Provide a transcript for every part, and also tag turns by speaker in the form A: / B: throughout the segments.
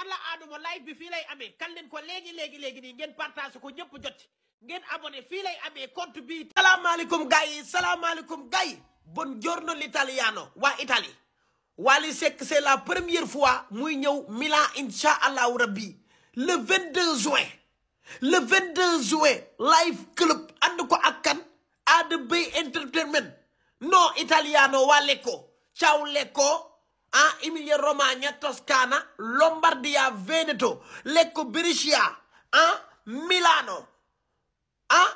A: alla aaduma live bi fii lay amee kan leen ko léegi léegi léegi nii ngeen partage ko ñëpp jot ngeen abonné fii lay amee compte bi salaamaaleykum gars yi salaamaaleykum gars yi buongiorno l'italiano waa itali Wally Seck c'est la première fois muy ñëw Milan insha allahu rabbi le 22 juin le 22 juin live club ànd ko ak kan Ada Bay entertainment non italiano waa Lecco ciao Lecco en Emilia Romagna Toscana Lombardia Veneto Lecco Brescia ah Milano ah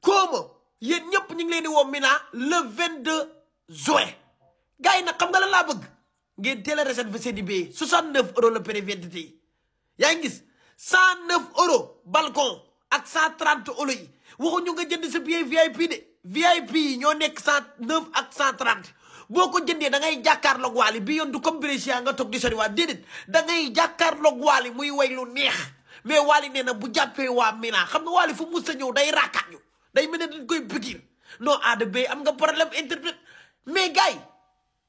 A: Como yéen ñëpp ñu ngi leen di woo Milan le 22 juin gars yi nag xam nga lan laa bëgg ngeen teel a réserver seen i billet 69 euros le prix vente yi yaa ngi sant 109 euros balcon ak 130 euros yi ñu nga jënd sa billet VIP de VIP yi ñoo nekk 109 ak 130. boo ko jëndee da ngay jàkkaarloog bi yoon du comme Brescia nga toog di sori waa déedéet da ngay jàkkaarloog waali muy way lu neex mais waali nee na bu jàppee waa Milan xam nga waali fu mus a ñëw day raakaat ñu day mel ne dañ koy pikiir non aada bay am nga problème interprète mais gars yi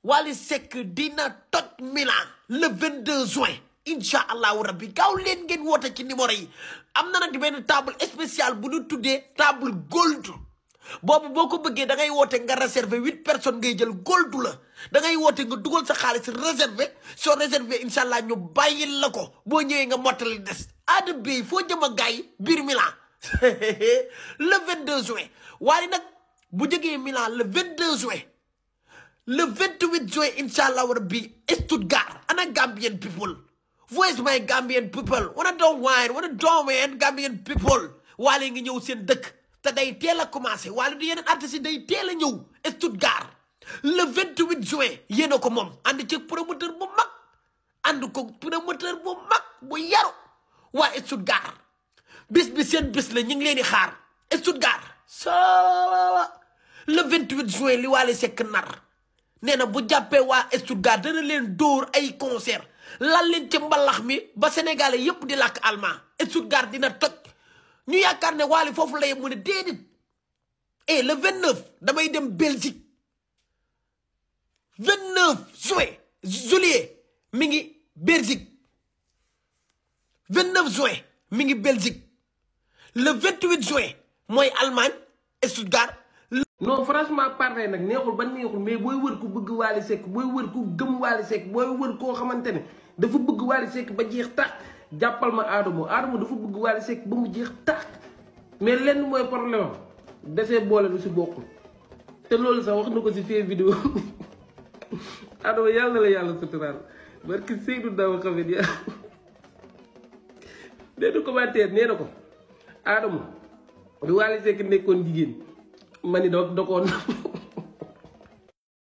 A: Wally Seck dina toj Milan le 22 juin incha allahu rabbi gaaw leen ngeen woote ci numéro yi am na nag benn table spéciale bu ñu tuddee table gold boobu boo ko bëggee da ngay woote nga réserver huit personnes ngay jël goldu la da ngay woote nga dugal sa xaalis réserver soo réserver incha allah ñu bàyyil la ko boo ñëwee nga mottali des. aada bay foo jëm a gaay biir Milan le 22 juin waaye nag bu jógee Milan le 22 juin le 28 juin incha allah rabbi Stuttgart ana Gambian people voice my Gambian people wana doon waay wana doon Gambian people waale nga ñëw seen dëkk. te day teel a commencé wala du yeneen artistes yi day teel a ñëw Stuttgart le 28 juin yéen a ko moom ànd ci promoteur bu mag ànd ko promoteur bu mag bu yaru waa Stuttgart bis bi seen bis la ñu ngi leen di xaar Stuttgart so le 28 juin li Wally Seck nar nee na bu jàppee waa Stuttgart dana leen dóor ay concert lal leen ci mbalax mi ba sénégalais yépp di làkk allemand Stuttgart dina toj ñu yaakaar ne waale foofu la yem mu ne déedéet et eh, le 29 damay dem Belgique 29 juin juillet mi ngi Belgique 29 juin mi ngi Belgique le 28 juin mooy Allemagne
B: et Stuttgart. non franchement parler nag neexul ba neexul mais booy wër ku bëgg Wally Seck booy wër ku gëm Wally Seck booy wër koo xamante ne dafa bëgg Wally Seck ba jeex tax. jàppal ma Adamo Adamo dafa bëgg Wally Seck ba mu jeex tax mais lenn mooy problème am desee boole du si bokkul te loolu sax wax na ko si fee vidéo Adamo yàlla la yàlla suturaal barki Seydou Dawa xamet ya benn commentaire nee na ko Adamo bi Wally ki nekkoon jigéen ma ni da da